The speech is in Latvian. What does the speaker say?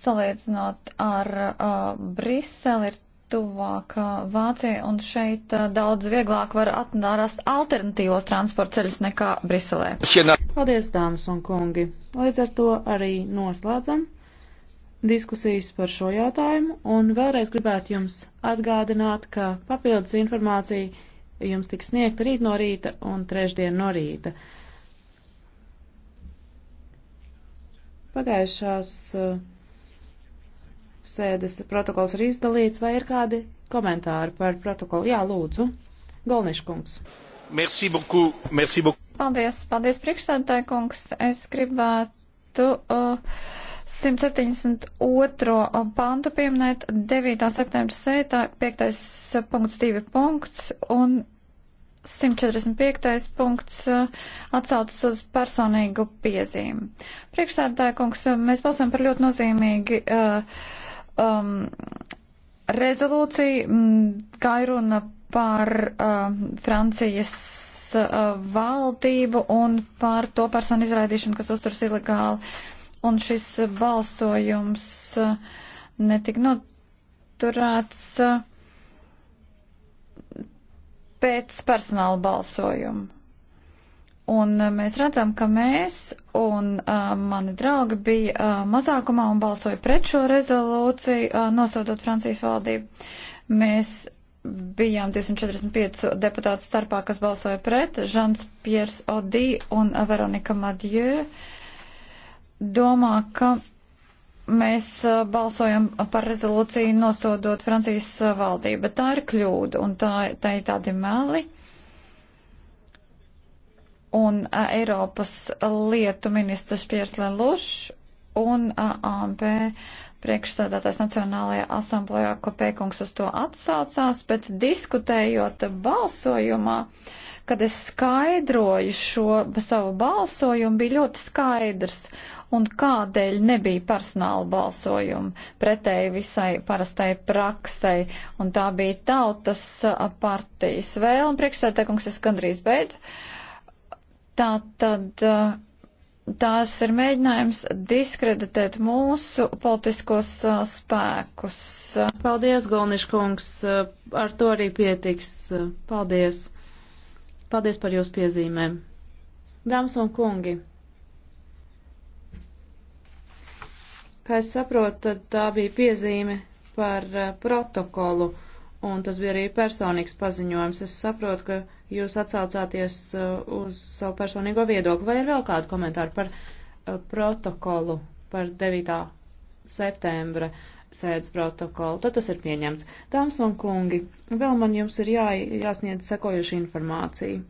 salīdzinot ar uh, Briseli, ir tuvāk uh, Vācija, un šeit uh, daudz vieglāk var atrast alternatīvos transporta ceļus nekā Briselē. Paldies, dāmas un kungi! Līdz ar to arī noslēdzam diskusijas par šo jautājumu, un vēlreiz gribētu jums atgādināt, ka papildus informācija jums tiks sniegta rīt no rīta un trešdien no rīta. Pagājušās uh, Sēdes protokols ir izdalīts, vai ir kādi komentāri par protokolu? Jā, lūdzu. Golniškungs. Merci beaucoup, merci beaucoup. Paldies, paldies priekšsēdētāji kungs. Es gribētu uh, 172. Uh, pantu pieminēt 9. septembra sētā 5.2 uh, punkts un 145. punkts uh, atsaucas uz personīgu piezīmi. Priekšsēdētāja kungs, mēs balsam par ļoti nozīmīgi. Uh, um, rezolūcija, m, mm, kā ir runa par uh, Francijas uh, valdību un par to personu izraidīšanu, kas uzturs ilegāli. Un šis balsojums uh, netika noturēts uh, pēc personāla balsojuma. Un eh, mēs redzam, ka mēs un uh, mani draugi bija uh, mazākumā un balsoja pret šo rezolūciju, uh, nosodot Francijas valdību. Mēs bijām 245 deputātu starpā, kas balsoja pret, Žans Piers Odī un Veronika Madjē domā, ka mēs balsojam par rezolūciju nosodot Francijas valdību, bet tā ir kļūda un tā, tā ir tādi meli. Uh, un a, Eiropas lietu ministrs Pierslē Lušs un AMP priekšstādātais Nacionālajā asamblējā, ko Pēkungs uz to atsaucās, bet diskutējot balsojumā, kad es skaidroju šo savu balsojumu, bija ļoti skaidrs, un kādēļ nebija personāla balsojuma pretēji visai parastai praksei, un tā bija tautas partijas vēlme. Priekšstādātais kungs es gandrīz beidzu. Uh, Tā tad tās ir mēģinājums diskreditēt mūsu politiskos spēkus. Paldies, Golniškungs, ar to arī pietiks. Paldies. Paldies par jūsu piezīmēm. Dāmas un kungi. Kā es saprotu, tad tā bija piezīme par protokolu un tas bija arī personīgs paziņojums. Es saprotu, ka jūs atsaucāties uh, uz savu personīgo viedokli. Vai ir vēl kādu komentāru par uh, protokolu, par 9. septembra sēdes protokolu? Tad tas ir pieņemts. Dāmas un kungi, vēl man jums ir jā, jāsniedz sekojuši informācija.